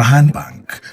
sobrahan pa.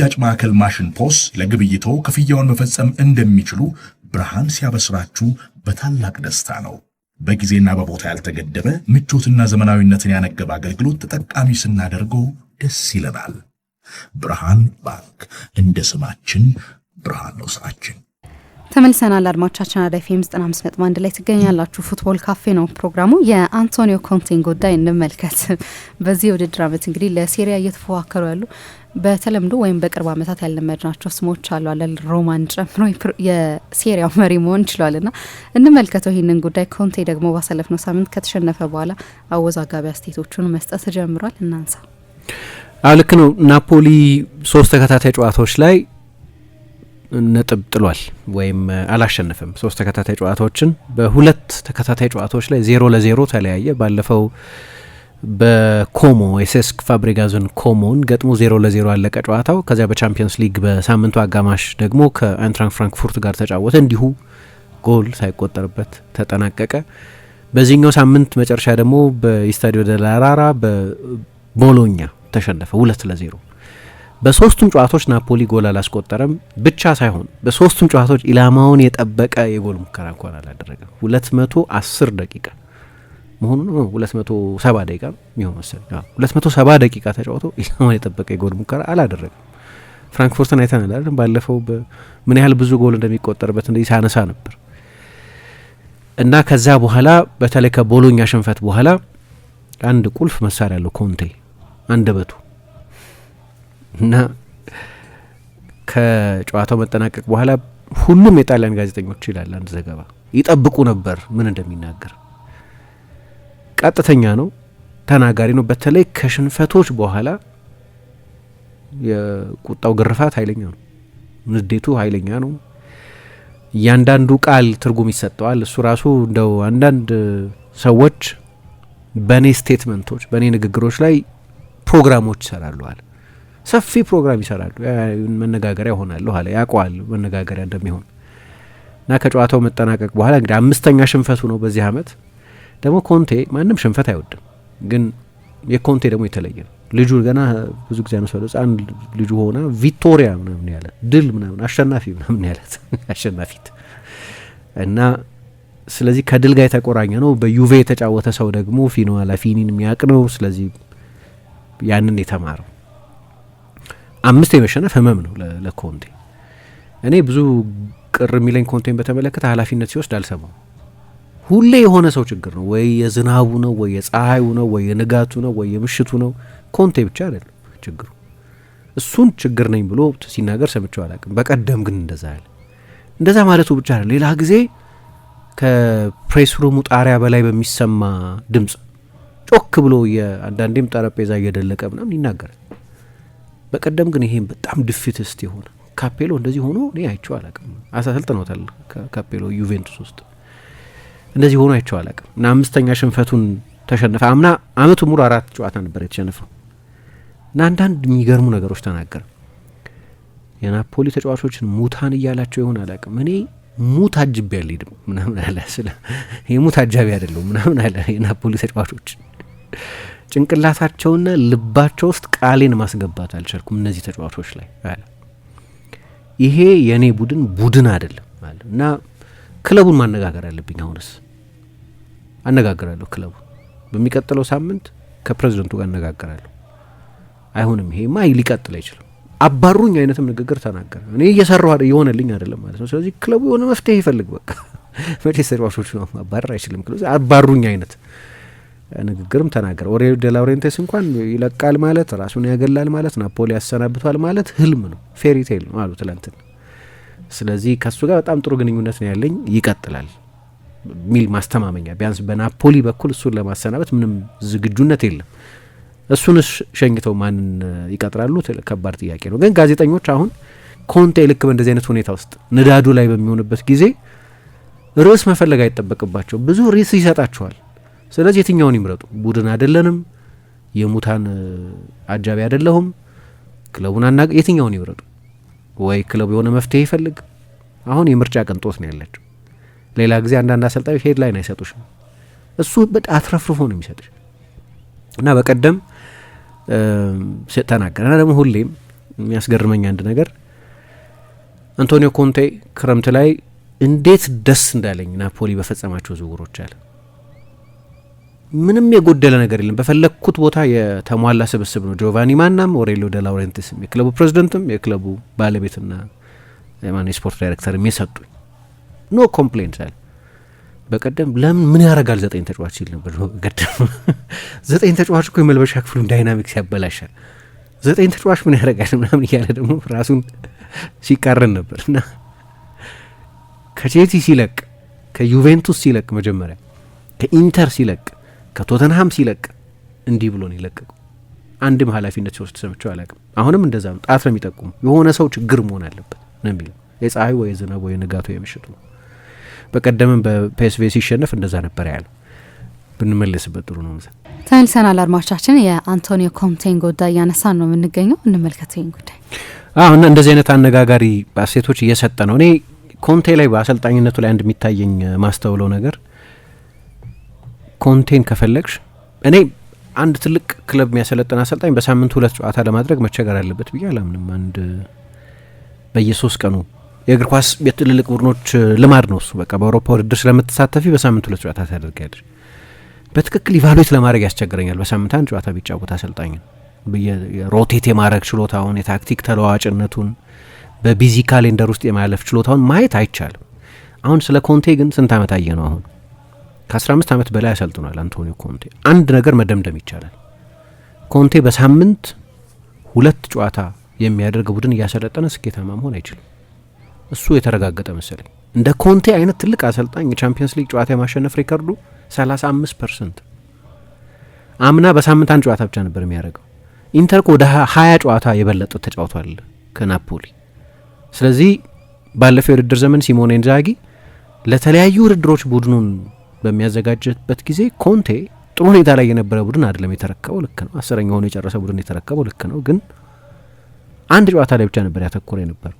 የሽያጭ ማዕከል ማሽን ፖስ ለግብይቶ ክፍያውን መፈጸም እንደሚችሉ ብርሃን ሲያበስራችሁ በታላቅ ደስታ ነው። በጊዜና በቦታ ያልተገደበ ምቾትና ዘመናዊነትን ያነገበ አገልግሎት ተጠቃሚ ስናደርገው ደስ ይለናል። ብርሃን ባንክ እንደ ስማችን ብርሃን ነው ስራችን። ተመልሰናል አድማቻችን አራዳ ኤፍ ኤም አንድ ላይ ትገኛላችሁ። ፉትቦል ካፌ ነው ፕሮግራሙ። የአንቶኒዮ ኮንቴን ጉዳይ እንመልከት። በዚህ የውድድር ዓመት እንግዲህ ለሴሪያ እየተፎካከሩ ያሉ በተለምዶ ወይም በቅርብ አመታት ያለመድናቸው ስሞች አሉ ሮማን ጨምሮ የሴሪያው መሪ መሆን ችሏል ና እንመልከተው ይህንን ጉዳይ። ኮንቴ ደግሞ ባሳለፍነው ሳምንት ከተሸነፈ በኋላ አወዛጋቢ አስተያየቶቹን መስጠት ጀምሯል። እናንሳ። ልክ ነው። ናፖሊ ሶስት ተከታታይ ጨዋታዎች ላይ ነጥብ ጥሏል ወይም አላሸነፈም። ሶስት ተከታታይ ጨዋታዎችን በሁለት ተከታታይ ጨዋታዎች ላይ ዜሮ ለዜሮ ተለያየ። ባለፈው በኮሞ የሴስክ ፋብሪጋዝን ኮሞን ገጥሞ ዜሮ ለዜሮ አለቀ ጨዋታው። ከዚያ በቻምፒየንስ ሊግ በሳምንቱ አጋማሽ ደግሞ ከአይንትራንክ ፍራንክፉርት ጋር ተጫወተ፣ እንዲሁ ጎል ሳይቆጠርበት ተጠናቀቀ። በዚህኛው ሳምንት መጨረሻ ደግሞ በኢስታዲዮ ደላራራ በቦሎኛ ተሸነፈ ሁለት ለዜሮ በሶስቱም ጨዋታዎች ናፖሊ ጎል አላስቆጠረም ብቻ ሳይሆን በሶስቱም ጨዋታዎች ኢላማውን የጠበቀ የጎል ሙከራ እንኳን አላደረገም። ሁለት መቶ አስር ደቂቃ መሆኑ ነው ሁለት መቶ ሰባ ደቂቃ የሚሆን መሰል ሁለት መቶ ሰባ ደቂቃ ተጫውቶ ኢላማውን የጠበቀ የጎል ሙከራ አላደረገም። ፍራንክፉርትን አይተናል ባለፈው ምን ያህል ብዙ ጎል እንደሚቆጠርበት እንደዚህ ሳነሳ ነበር እና ከዛ በኋላ በተለይ ከቦሎኛ ሽንፈት በኋላ አንድ ቁልፍ መሳሪያ አለው ኮንቴ አንደበቱ እና ከጨዋታው መጠናቀቅ በኋላ ሁሉም የጣሊያን ጋዜጠኞች ይላል አንድ ዘገባ ይጠብቁ ነበር ምን እንደሚናገር። ቀጥተኛ ነው፣ ተናጋሪ ነው። በተለይ ከሽንፈቶች በኋላ የቁጣው ግርፋት ኃይለኛ ነው፣ ንዴቱ ኃይለኛ ነው። እያንዳንዱ ቃል ትርጉም ይሰጠዋል። እሱ ራሱ እንደው አንዳንድ ሰዎች በእኔ ስቴትመንቶች፣ በእኔ ንግግሮች ላይ ፕሮግራሞች ይሰራሉዋል ሰፊ ፕሮግራም ይሰራሉ። መነጋገሪያ ሆናል። ኋላ ያውቀዋል መነጋገሪያ እንደሚሆን እና ከጨዋታው መጠናቀቅ በኋላ እንግዲህ አምስተኛ ሽንፈቱ ነው በዚህ አመት። ደግሞ ኮንቴ ማንም ሽንፈት አይወድም፣ ግን የኮንቴ ደግሞ የተለየ ነው። ልጁ ገና ብዙ ጊዜ አነሳለሁ ህጻን ልጁ ሆና ቪክቶሪያ ምናምን ያለ ድል ምናምን አሸናፊ ምናምን ያለት አሸናፊት እና ስለዚህ ከድል ጋር የተቆራኘ ነው። በዩቬ የተጫወተ ሰው ደግሞ ፊኖ ላፊኒን የሚያውቅ ነው። ስለዚህ ያንን የተማረው አምስት የመሸነፍ ህመም ነው ለኮንቴ። እኔ ብዙ ቅር የሚለኝ ኮንቴን በተመለከተ ኃላፊነት ሲወስድ አልሰማው። ሁሌ የሆነ ሰው ችግር ነው ወይ የዝናቡ ነው ወይ የፀሐዩ ነው ወይ የንጋቱ ነው ወይ የምሽቱ ነው። ኮንቴ ብቻ አይደለም ችግሩ። እሱን ችግር ነኝ ብሎ ሲናገር ሰምቼው አላውቅም። በቀደም ግን እንደዛ ያለ እንደዛ ማለቱ ብቻ አይደለም። ሌላ ጊዜ ከፕሬስ ሩሙ ጣሪያ በላይ በሚሰማ ድምፅ ጮክ ብሎ አንዳንዴም ጠረጴዛ እየደለቀ ምናምን ይናገራል። በቀደም ግን ይሄም በጣም ድፊት ስት የሆነ ካፔሎ እንደዚህ ሆኖ እኔ አይቼው አላቅም። አሰልጥኖታል ካፔሎ ዩቬንቱስ ውስጥ እንደዚህ ሆኖ አይቼው አላቅም። እና አምስተኛ ሽንፈቱን ተሸነፈ። አምና አመቱ ሙሉ አራት ጨዋታ ነበር የተሸነፈው እና አንዳንድ የሚገርሙ ነገሮች ተናገረ። የናፖሊ ተጫዋቾችን ሙታን እያላቸው ይሆን አላቅም። እኔ ሙት አጅቤ አልሄድም ምናምን አለ። ስለ የሙት አጃቢ አይደለሁም ምናምን አለ የናፖሊ ተጫዋቾችን ጭንቅላታቸውና ልባቸው ውስጥ ቃሌን ማስገባት አልቻልኩም እነዚህ ተጫዋቾች ላይ አለ። ይሄ የእኔ ቡድን ቡድን አይደለም አለ እና ክለቡን ማነጋገር አለብኝ። አሁንስ አነጋግራለሁ። ክለቡ በሚቀጥለው ሳምንት ከፕሬዚደንቱ ጋር አነጋግራለሁ። ይሄ ይሄማ ሊቀጥል አይችልም፣ አባሩኝ አይነትም ንግግር ተናገረ። እኔ እየሰራሁ የሆነልኝ አይደለም ማለት ነው። ስለዚህ ክለቡ የሆነ መፍትሄ ይፈልግ። በቃ መቼ ተጫዋቾቹ ነው ማባረር አይችልም። አባሩኝ አይነት ንግግርም ተናገረ። ኦሬ ደላውሬንቴስ እንኳን ይለቃል ማለት ራሱን ያገላል ማለት ናፖሊ ያሰናብቷል ማለት ህልም ነው፣ ፌሪቴል ነው አሉ ትላንትን። ስለዚህ ከሱ ጋር በጣም ጥሩ ግንኙነት ነው ያለኝ ይቀጥላል የሚል ማስተማመኛ ቢያንስ በናፖሊ በኩል እሱን ለማሰናበት ምንም ዝግጁነት የለም። እሱንስ ሸኝተው ማንን ይቀጥራሉ? ከባድ ጥያቄ ነው። ግን ጋዜጠኞች አሁን ኮንቴ ልክ በእንደዚህ አይነት ሁኔታ ውስጥ ንዳዱ ላይ በሚሆንበት ጊዜ ርዕስ መፈለግ አይጠበቅባቸው ብዙ ርዕስ ይሰጣቸዋል። ስለዚህ የትኛውን ይምረጡ? ቡድን አይደለንም፣ የሙታን አጃቢ አይደለሁም፣ ክለቡን አናቅ፣ የትኛውን ይምረጡ? ወይ ክለቡ የሆነ መፍትሄ ይፈልግ። አሁን የምርጫ ቅንጦት ነው ያላቸው። ሌላ ጊዜ አንዳንድ አሰልጣኞች ሄድላይን አይሰጡሽም፣ እሱ በጣም አትረፍርፎ ነው የሚሰጥሽ እና በቀደም ተናገረ እና ደግሞ ሁሌም የሚያስገርመኝ አንድ ነገር አንቶኒዮ ኮንቴ ክረምት ላይ እንዴት ደስ እንዳለኝ ናፖሊ በፈጸማቸው ዝውውሮች አለ። ምንም የጎደለ ነገር የለም። በፈለግኩት ቦታ የተሟላ ስብስብ ነው። ጆቫኒ ማናም፣ ኦሬሊዮ ደ ላውረንቲስም የክለቡ ፕሬዚደንትም የክለቡ ባለቤትና የስፖርት ዳይሬክተርም የሰጡኝ ኖ ኮምፕሌንት አለ። በቀደም ለምን ምን ያደርጋል ዘጠኝ ተጫዋች ሲል ነበር። በቀደም ዘጠኝ ተጫዋች እኮ የመልበሻ ክፍሉን ዳይናሚክስ ያበላሻል። ዘጠኝ ተጫዋች ምን ያደርጋል ምናምን እያለ ደግሞ ራሱን ሲቃረን ነበር እና ከቼልሲ ሲለቅ፣ ከዩቬንቱስ ሲለቅ፣ መጀመሪያ ከኢንተር ሲለቅ ከቶተንሃም ሲለቅ እንዲህ ብሎን ነው አንድም ኃላፊነት ሲወስድ ሰምቼው አላቅም። አሁንም እንደዛ ነው። ጣት ነው የሚጠቁሙ የሆነ ሰው ችግር መሆን አለበት ነው የሚለው የፀሐይ ወይ ዝናብ ወይ ንጋቱ የምሽቱ በቀደምም በፔስቬ ሲሸነፍ እንደዛ ነበር ያለው። ብንመለስበት ጥሩ ነው። ምስል ተመልሰናል። አድማቻችን የአንቶኒዮ ኮንቴን ጉዳይ እያነሳን ነው የምንገኘው። እንመልከት ጉዳይ አሁ እና እንደዚህ አይነት አነጋጋሪ ሴቶች እየሰጠ ነው። እኔ ኮንቴ ላይ በአሰልጣኝነቱ ላይ አንድ የሚታየኝ ማስተውለው ነገር ኮንቴን ከፈለግሽ እኔ አንድ ትልቅ ክለብ የሚያሰለጥን አሰልጣኝ በሳምንት ሁለት ጨዋታ ለማድረግ መቸገር አለበት ብዬ አላምንም። አንድ በየሶስት ቀኑ የእግር ኳስ የትልልቅ ቡድኖች ልማድ ነው እሱ። በቃ በአውሮፓ ውድድር ስለምትሳተፊ በሳምንት ሁለት ጨዋታ ታደርጊያለሽ። በትክክል ኢቫሉዌት ለማድረግ ያስቸግረኛል። በሳምንት አንድ ጨዋታ ቢጫወት አሰልጣኝ ሮቴት የማድረግ ችሎታውን፣ የታክቲክ ተለዋዋጭነቱን፣ በቢዚ ካሌንደር ውስጥ የማለፍ ችሎታውን ማየት አይቻልም። አሁን ስለ ኮንቴ ግን ስንት አመት አየ ነው አሁን ከ15 ዓመት በላይ አሰልጥኗል አንቶኒዮ ኮንቴ። አንድ ነገር መደምደም ይቻላል። ኮንቴ በሳምንት ሁለት ጨዋታ የሚያደርግ ቡድን እያሰለጠነ ስኬታማ መሆን አይችልም። እሱ የተረጋገጠ መሰለኝ። እንደ ኮንቴ አይነት ትልቅ አሰልጣኝ የቻምፒየንስ ሊግ ጨዋታ የማሸነፍ ሪከርዱ 35 ፐርሰንት። አምና በሳምንት አንድ ጨዋታ ብቻ ነበር የሚያደርገው። ኢንተር ወደ 20 ጨዋታ የበለጠ ተጫውቷል ከናፖሊ። ስለዚህ ባለፈው የውድድር ዘመን ሲሞኔ ኢንዛጊ ለተለያዩ ውድድሮች ቡድኑን በሚያዘጋጅበት ጊዜ ኮንቴ ጥሩ ሁኔታ ላይ የነበረ ቡድን አይደለም የተረከበው። ልክ ነው። አስረኛ ሆኖ የጨረሰ ቡድን የተረከበው ልክ ነው። ግን አንድ ጨዋታ ላይ ብቻ ነበር ያተኮረ የነበረው።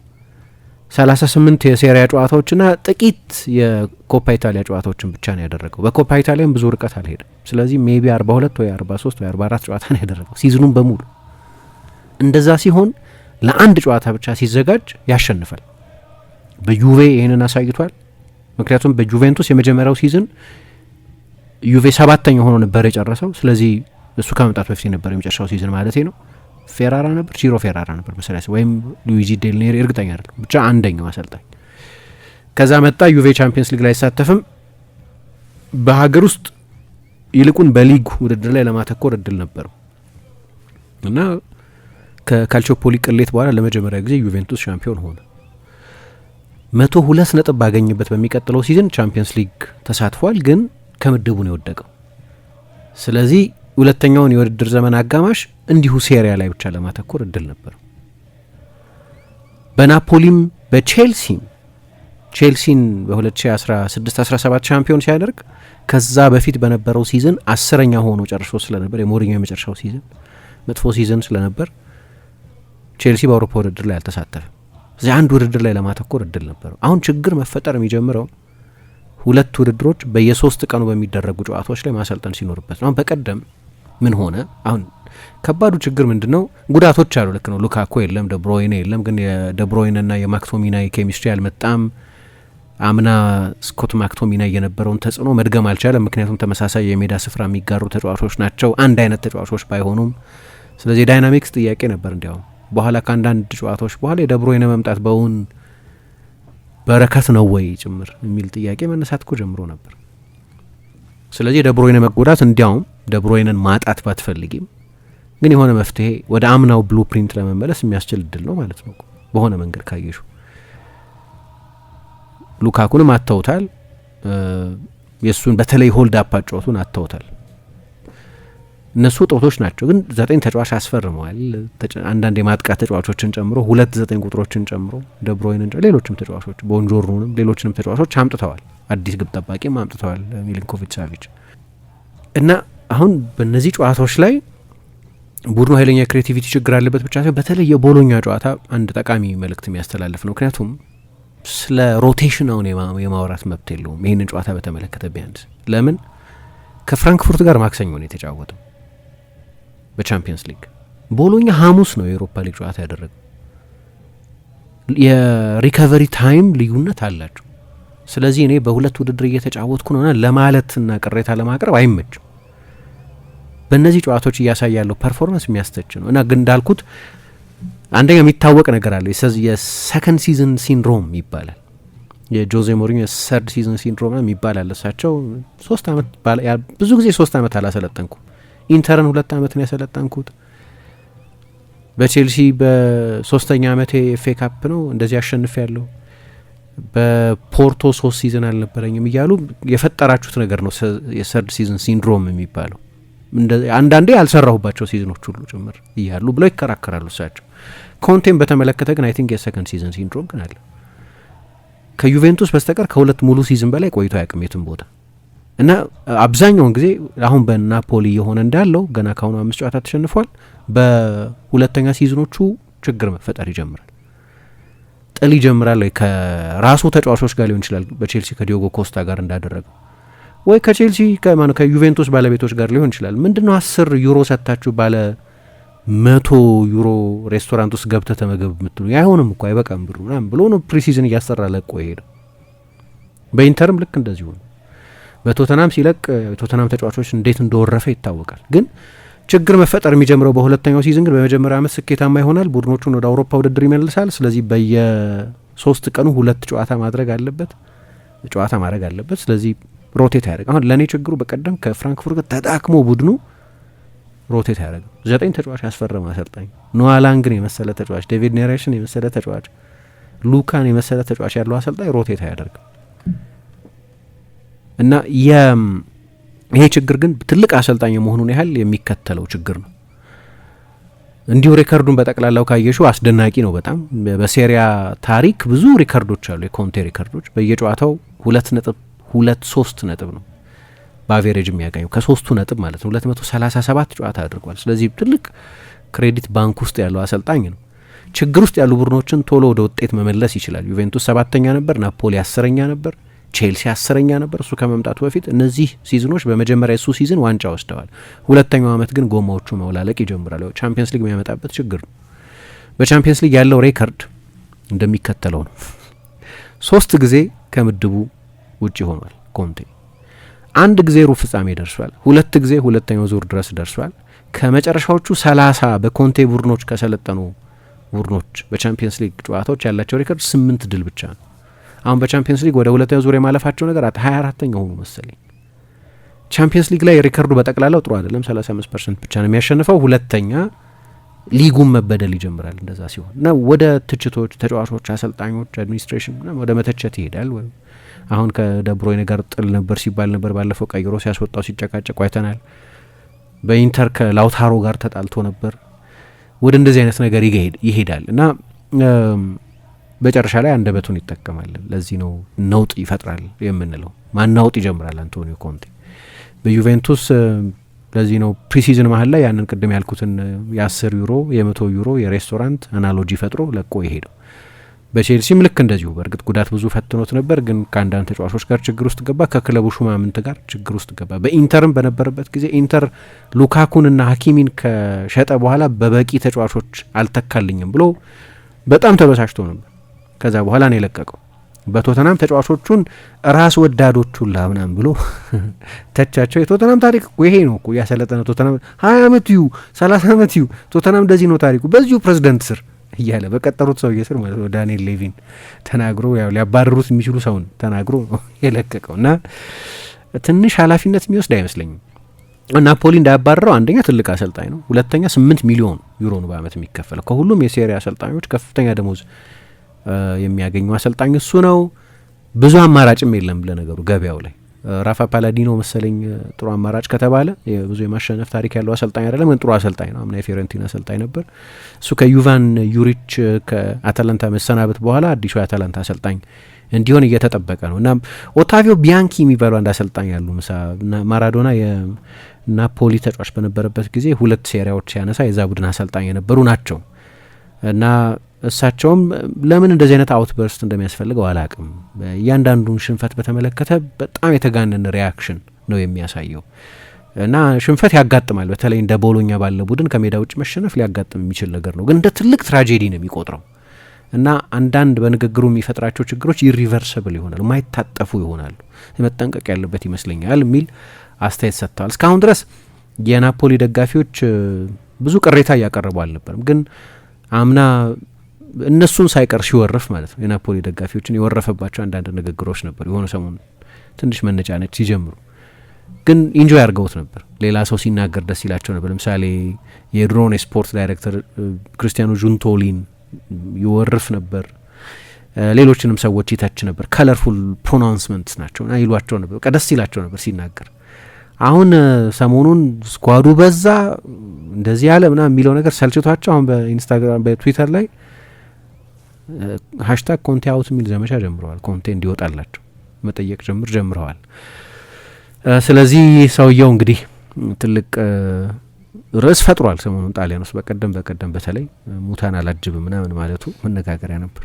ሰላሳ ስምንት የሴሪያ ጨዋታዎችና ጥቂት የኮፓ ኢታሊያ ጨዋታዎችን ብቻ ነው ያደረገው። በኮፓ ኢታሊያም ብዙ ርቀት አልሄደም። ስለዚህ ሜቢ አርባ ሁለት ወይ አርባ ሶስት ወይ አርባ አራት ጨዋታ ነው ያደረገው ሲዝኑን በሙሉ። እንደዛ ሲሆን ለአንድ ጨዋታ ብቻ ሲዘጋጅ ያሸንፋል። በዩቬ ይህንን አሳይቷል። ምክንያቱም በጁቬንቱስ የመጀመሪያው ሲዝን ዩቬ ሰባተኛ ሆኖ ነበር የጨረሰው። ስለዚህ እሱ ከመምጣት በፊት ነበር የመጨረሻው ሲዝን ማለት ነው። ፌራራ ነበር ቺሮ ፌራራ ነበር በሰላሳ ወይም ሉዊጂ ዴልኔሪ እርግጠኛ አይደለም፣ ብቻ አንደኛው አሰልጣኝ። ከዛ መጣ። ዩቬ ቻምፒየንስ ሊግ ላይ አይሳተፍም። በሀገር ውስጥ ይልቁን በሊግ ውድድር ላይ ለማተኮር እድል ነበረው እና ከካልቾፖሊ ቅሌት በኋላ ለመጀመሪያ ጊዜ ዩቬንቱስ ሻምፒዮን ሆነ። መቶ ሁለት ነጥብ ባገኝበት በሚቀጥለው ሲዝን ቻምፒየንስ ሊግ ተሳትፏል፣ ግን ከምድቡ ነው የወደቀው። ስለዚህ ሁለተኛውን የውድድር ዘመን አጋማሽ እንዲሁ ሴሪያ ላይ ብቻ ለማተኮር እድል ነበር። በናፖሊም በቼልሲም ቼልሲን በ2016/17 ሻምፒዮን ሲያደርግ ከዛ በፊት በነበረው ሲዝን አስረኛ ሆኖ ጨርሶ ስለነበር የሞሪኞ የመጨረሻው ሲዝን መጥፎ ሲዝን ስለነበር ቼልሲ በአውሮፓ ውድድር ላይ አልተሳተፈም። እዚህ አንድ ውድድር ላይ ለማተኮር እድል ነበረው። አሁን ችግር መፈጠር የሚጀምረው ሁለት ውድድሮች በየሶስት ቀኑ በሚደረጉ ጨዋታዎች ላይ ማሰልጠን ሲኖርበት ነው። በቀደም ምን ሆነ? አሁን ከባዱ ችግር ምንድን ነው? ጉዳቶች አሉ። ልክ ነው። ሉካኮ የለም፣ ደብሮይነ የለም። ግን የደብሮይነና የማክቶሚና ኬሚስትሪ አልመጣም። አምና ስኮት ማክቶሚና የነበረውን ተጽዕኖ መድገም አልቻለም። ምክንያቱም ተመሳሳይ የሜዳ ስፍራ የሚጋሩ ተጫዋቾች ናቸው፣ አንድ አይነት ተጫዋቾች ባይሆኑም። ስለዚህ የዳይናሚክስ ጥያቄ ነበር እንዲያውም በኋላ ከአንዳንድ ጨዋታዎች በኋላ የደብሮ ይነ መምጣት በውን በረከት ነው ወይ ጭምር የሚል ጥያቄ መነሳት እኮ ጀምሮ ነበር። ስለዚህ የደብሮ ይነ መጎዳት እንዲያውም ደብሮ ይነን ማጣት ባትፈልጊም ግን የሆነ መፍትሄ ወደ አምናው ብሉ ፕሪንት ለመመለስ የሚያስችል እድል ነው ማለት ነው። በሆነ መንገድ ካየሹ ሉካኩንም አተውታል። የእሱን በተለይ ሆልድ አፓ ጨዋቱን አተውታል። እነሱ ጥቶች ናቸው፣ ግን ዘጠኝ ተጫዋች አስፈርመዋል። አንዳንድ የማጥቃት ተጫዋቾችን ጨምሮ ሁለት ዘጠኝ ቁጥሮችን ጨምሮ ደብሮይንን፣ ሌሎችም ተጫዋቾች ቦንጆርኑንም፣ ሌሎችንም ተጫዋቾች አምጥተዋል። አዲስ ግብ ጠባቂም አምጥተዋል ሚሊንኮቪች ሳቪች እና አሁን በእነዚህ ጨዋታዎች ላይ ቡድኑ ኃይለኛ ክሬቲቪቲ ችግር አለበት ብቻ ሳይሆን በተለይ የቦሎኛ ጨዋታ አንድ ጠቃሚ መልእክት የሚያስተላልፍ ነው። ምክንያቱም ስለ ሮቴሽን አሁን የማውራት መብት የለውም። ይህንን ጨዋታ በተመለከተ ቢያንስ ለምን ከፍራንክፉርት ጋር ማክሰኞ ነው የተጫወተው በቻምፒየንስ ሊግ ቦሎኛ ሐሙስ ነው የኤሮፓ ሊግ ጨዋታ ያደረገው። የሪከቨሪ ታይም ልዩነት አላቸው። ስለዚህ እኔ በሁለት ውድድር እየተጫወትኩ ነሆነ ለማለትና ቅሬታ ለማቅረብ አይመችም። በእነዚህ ጨዋታዎች እያሳይ ያለው ፐርፎርመንስ የሚያስተች ነው እና ግን እንዳልኩት አንደኛ የሚታወቅ ነገር አለ። የሰከንድ ሲዝን ሲንድሮም ይባላል። የጆዜ ሞሪኞ የሰርድ ሲዝን ሲንድሮም ነው እሳቸው ሶስት ዓመት ብዙ ጊዜ ሶስት ዓመት አላሰለጠንኩም ኢንተርን ሁለት አመት ነው ያሰለጠንኩት። በቼልሲ በሶስተኛ አመቴ ኤፍ ካፕ ነው እንደዚህ አሸንፍ ያለው በፖርቶ ሶስት ሲዝን አልነበረኝም እያሉ የፈጠራችሁት ነገር ነው የሰርድ ሲዝን ሲንድሮም የሚባለው። አንዳንዴ ያልሰራሁባቸው ሲዝኖች ሁሉ ጭምር እያሉ ብለው ይከራከራሉ እሳቸው። ኮንቴን በተመለከተ ግን አይ ቲንክ የሰከንድ ሲዝን ሲንድሮም ግን አለ። ከዩቬንቱስ በስተቀር ከሁለት ሙሉ ሲዝን በላይ ቆይቶ አያውቅም የትም ቦታ እና አብዛኛውን ጊዜ አሁን በናፖሊ የሆነ እንዳለው ገና ካሁኑ አምስት ጨዋታ ተሸንፏል። በሁለተኛ ሲዝኖቹ ችግር መፈጠር ይጀምራል፣ ጥል ይጀምራል። ወይ ከራሱ ተጫዋቾች ጋር ሊሆን ይችላል፣ በቼልሲ ከዲዮጎ ኮስታ ጋር እንዳደረገው ወይ ከቼልሲ ከማነው ከዩቬንቱስ ባለቤቶች ጋር ሊሆን ይችላል። ነው አስር ዩሮ ሰጥታችሁ ባለ መቶ ዩሮ ሬስቶራንት ውስጥ ገብተህ ተመገብ የምትሉ አይሆንም እኮ አይበቃም ብሩ ብሎ ነው ፕሪሲዝን እያሰራ ለቆ የሄደው። በኢንተርም ልክ እንደዚሁ ነው። በቶተናም ሲለቅ ቶተናም ተጫዋቾች እንዴት እንደወረፈ ይታወቃል። ግን ችግር መፈጠር የሚጀምረው በሁለተኛው ሲዝን ግን በመጀመሪያ አመት ስኬታማ ይሆናል። ቡድኖቹን ወደ አውሮፓ ውድድር ይመልሳል። ስለዚህ በየሶስት ቀኑ ሁለት ጨዋታ ማድረግ አለበት ጨዋታ ማድረግ አለበት። ስለዚህ ሮቴት አያደርግ። አሁን ለእኔ ችግሩ በቀደም ከፍራንክፉርት ጋር ተዳክሞ ቡድኑ ሮቴት አያደርግም። ዘጠኝ ተጫዋች ያስፈረመ አሰልጣኝ ኖዋላንግን የመሰለ ተጫዋች፣ ዴቪድ ኔሬሽን የመሰለ ተጫዋች፣ ሉካን የመሰለ ተጫዋች ያለው አሰልጣኝ ሮቴት አያደርግም። እና ይሄ ችግር ግን ትልቅ አሰልጣኝ የመሆኑን ያህል የሚከተለው ችግር ነው። እንዲሁ ሪከርዱን በጠቅላላው ካየሹ አስደናቂ ነው በጣም በሴሪያ ታሪክ ብዙ ሪከርዶች አሉ። የኮንቴ ሪከርዶች በየጨዋታው ሁለት ነጥብ ሁለት ሶስት ነጥብ ነው በአቬሬጅ የሚያገኘው ከሶስቱ ነጥብ ማለት ነው። ሁለት መቶ ሰላሳ ሰባት ጨዋታ አድርጓል። ስለዚህ ትልቅ ክሬዲት ባንክ ውስጥ ያለው አሰልጣኝ ነው። ችግር ውስጥ ያሉ ቡድኖችን ቶሎ ወደ ውጤት መመለስ ይችላል። ዩቬንቱስ ሰባተኛ ነበር፣ ናፖሊ አስረኛ ነበር። ቼልሲ አስረኛ ነበር እሱ ከመምጣቱ በፊት። እነዚህ ሲዝኖች በመጀመሪያ እሱ ሲዝን ዋንጫ ወስደዋል። ሁለተኛው ዓመት ግን ጎማዎቹ መውላለቅ ይጀምራሉ። ቻምፒየንስ ሊግ የሚያመጣበት ችግር ነው። በቻምፒየንስ ሊግ ያለው ሬከርድ እንደሚከተለው ነው። ሶስት ጊዜ ከምድቡ ውጭ ሆኗል ኮንቴ አንድ ጊዜ ሩብ ፍጻሜ ደርሷል። ሁለት ጊዜ ሁለተኛው ዙር ድረስ ደርሷል። ከመጨረሻዎቹ ሰላሳ በኮንቴ ቡድኖች ከሰለጠኑ ቡድኖች በቻምፒየንስ ሊግ ጨዋታዎች ያላቸው ሪከርድ ስምንት ድል ብቻ ነው። አሁን በቻምፒየንስ ሊግ ወደ ሁለተኛው ዙር የማለፋቸው ነገር ሀያ አራተኛ ሆኑ መሰለኝ። ቻምፒየንስ ሊግ ላይ ሪከርዱ በጠቅላላው ጥሩ አይደለም። 35 ፐርሰንት ብቻ ነው የሚያሸንፈው። ሁለተኛ ሊጉን መበደል ይጀምራል። እንደዛ ሲሆን እና ወደ ትችቶች፣ ተጫዋቾች፣ አሰልጣኞች፣ አድሚኒስትሬሽን ወደ መተቸት ይሄዳል። ወይም አሁን ከደብሮይነ ጋር ጥል ነበር ሲባል ነበር። ባለፈው ቀይሮ ሲያስወጣው ሲጨቃጨቁ አይተናል። በኢንተር ከላውታሮ ጋር ተጣልቶ ነበር። ወደ እንደዚህ አይነት ነገር ይሄዳል እና በጨረሻ ላይ አንደበቱን ይጠቀማል። ለዚህ ነው ነውጥ ይፈጥራል የምንለው። ማናውጥ ይጀምራል አንቶኒዮ ኮንቴ በዩቬንቱስ። ለዚህ ነው ፕሪሲዝን መሀል ላይ ያንን ቅድም ያልኩትን የአስር ዩሮ የመቶ ዩሮ የሬስቶራንት አናሎጂ ፈጥሮ ለቆ የሄደው። በቼልሲም ልክ እንደዚሁ በእርግጥ ጉዳት ብዙ ፈትኖት ነበር፣ ግን ከአንዳንድ ተጫዋቾች ጋር ችግር ውስጥ ገባ። ከክለቡ ሹማምንት ጋር ችግር ውስጥ ገባ። በኢንተርም በነበረበት ጊዜ ኢንተር ሉካኩንና ሀኪሚን ከሸጠ በኋላ በበቂ ተጫዋቾች አልተካልኝም ብሎ በጣም ተበሳጭቶ ነበር። ከዛ በኋላ ነው የለቀቀው። በቶተናም ተጫዋቾቹን ራስ ወዳዶቹ ላምናም ብሎ ተቻቸው። የቶተናም ታሪክ ይሄ ነው እኮ ያሰለጠነ ቶተናም ሀያ አመት ዩ ሰላሳ አመት ዩ ቶተናም እንደዚህ ነው ታሪኩ በዚሁ ፕሬዚደንት ስር እያለ በቀጠሩት ሰውዬ ስር ማለት ነው ዳንኤል ሌቪን ተናግሮ ያው ሊያባረሩት የሚችሉ ሰውን ተናግሮ የለቀቀው እና ትንሽ ኃላፊነት የሚወስድ አይመስለኝም። ናፖሊ እንዳያባረረው አንደኛ ትልቅ አሰልጣኝ ነው፣ ሁለተኛ ስምንት ሚሊዮን ዩሮ ነው በአመት የሚከፈለው ከሁሉም የሴሪያ አሰልጣኞች ከፍተኛ ደሞዝ የሚያገኙ አሰልጣኝ እሱ ነው። ብዙ አማራጭም የለም ለነገሩ ገበያው ላይ ራፋ ፓላዲኖ መሰለኝ ጥሩ አማራጭ ከተባለ ብዙ የማሸነፍ ታሪክ ያለው አሰልጣኝ አይደለም፣ ግን ጥሩ አሰልጣኝ ነው። አምና የፊዮረንቲና አሰልጣኝ ነበር። እሱ ከዩቫን ዩሪች ከአታላንታ መሰናበት በኋላ አዲሱ የአታላንታ አሰልጣኝ እንዲሆን እየተጠበቀ ነው እና ኦታቪዮ ቢያንኪ የሚባሉ አንድ አሰልጣኝ ያሉ ምሳ ማራዶና የናፖሊ ተጫዋች በነበረበት ጊዜ ሁለት ሴሪያዎች ሲያነሳ የዛ ቡድን አሰልጣኝ የነበሩ ናቸው እና እሳቸውም ለምን እንደዚህ አይነት አውትበርስት እንደሚያስፈልገው አላቅም። እያንዳንዱን ሽንፈት በተመለከተ በጣም የተጋነን ሪያክሽን ነው የሚያሳየው እና ሽንፈት ያጋጥማል። በተለይ እንደ ቦሎኛ ባለ ቡድን ከሜዳ ውጭ መሸነፍ ሊያጋጥም የሚችል ነገር ነው፣ ግን እንደ ትልቅ ትራጄዲ ነው የሚቆጥረው እና አንዳንድ በንግግሩ የሚፈጥራቸው ችግሮች ኢሪቨርሰብል ይሆናሉ፣ ማይታጠፉ ይሆናሉ፣ መጠንቀቅ ያለበት ይመስለኛል የሚል አስተያየት ሰጥተዋል። እስካሁን ድረስ የናፖሊ ደጋፊዎች ብዙ ቅሬታ እያቀረቡ አልነበርም ግን አምና እነሱን ሳይቀር ሲወርፍ ማለት ነው የናፖሊ ደጋፊዎችን የወረፈባቸው አንዳንድ ንግግሮች ነበሩ። የሆነ ሰሞኑ ትንሽ መነጫነጭ ሲጀምሩ ግን ኢንጆይ አድርገውት ነበር። ሌላ ሰው ሲናገር ደስ ይላቸው ነበር። ለምሳሌ የድሮን የስፖርት ዳይሬክተር ክርስቲያኖ ጁንቶሊን ይወርፍ ነበር። ሌሎችንም ሰዎች ይተች ነበር። ከለርፉል ፕሮናውንስመንት ናቸው ይሏቸው ነበር። በቃ ደስ ይላቸው ነበር ሲናገር። አሁን ሰሞኑን ስኳዱ በዛ እንደዚህ ያለ ምናምን የሚለው ነገር ሰልችቷቸው አሁን በኢንስታግራም በትዊተር ላይ ሀሽታግ ኮንቴ አውት የሚል ዘመቻ ጀምረዋል። ኮንቴ እንዲወጣላቸው መጠየቅ ጀምር ጀምረዋል። ስለዚህ ሰውየው እንግዲህ ትልቅ ርዕስ ፈጥሯል። ሰሞኑን ጣሊያን ውስጥ በቀደም በቀደም በተለይ ሙታን አላጅብ ምናምን ማለቱ መነጋገሪያ ነበር።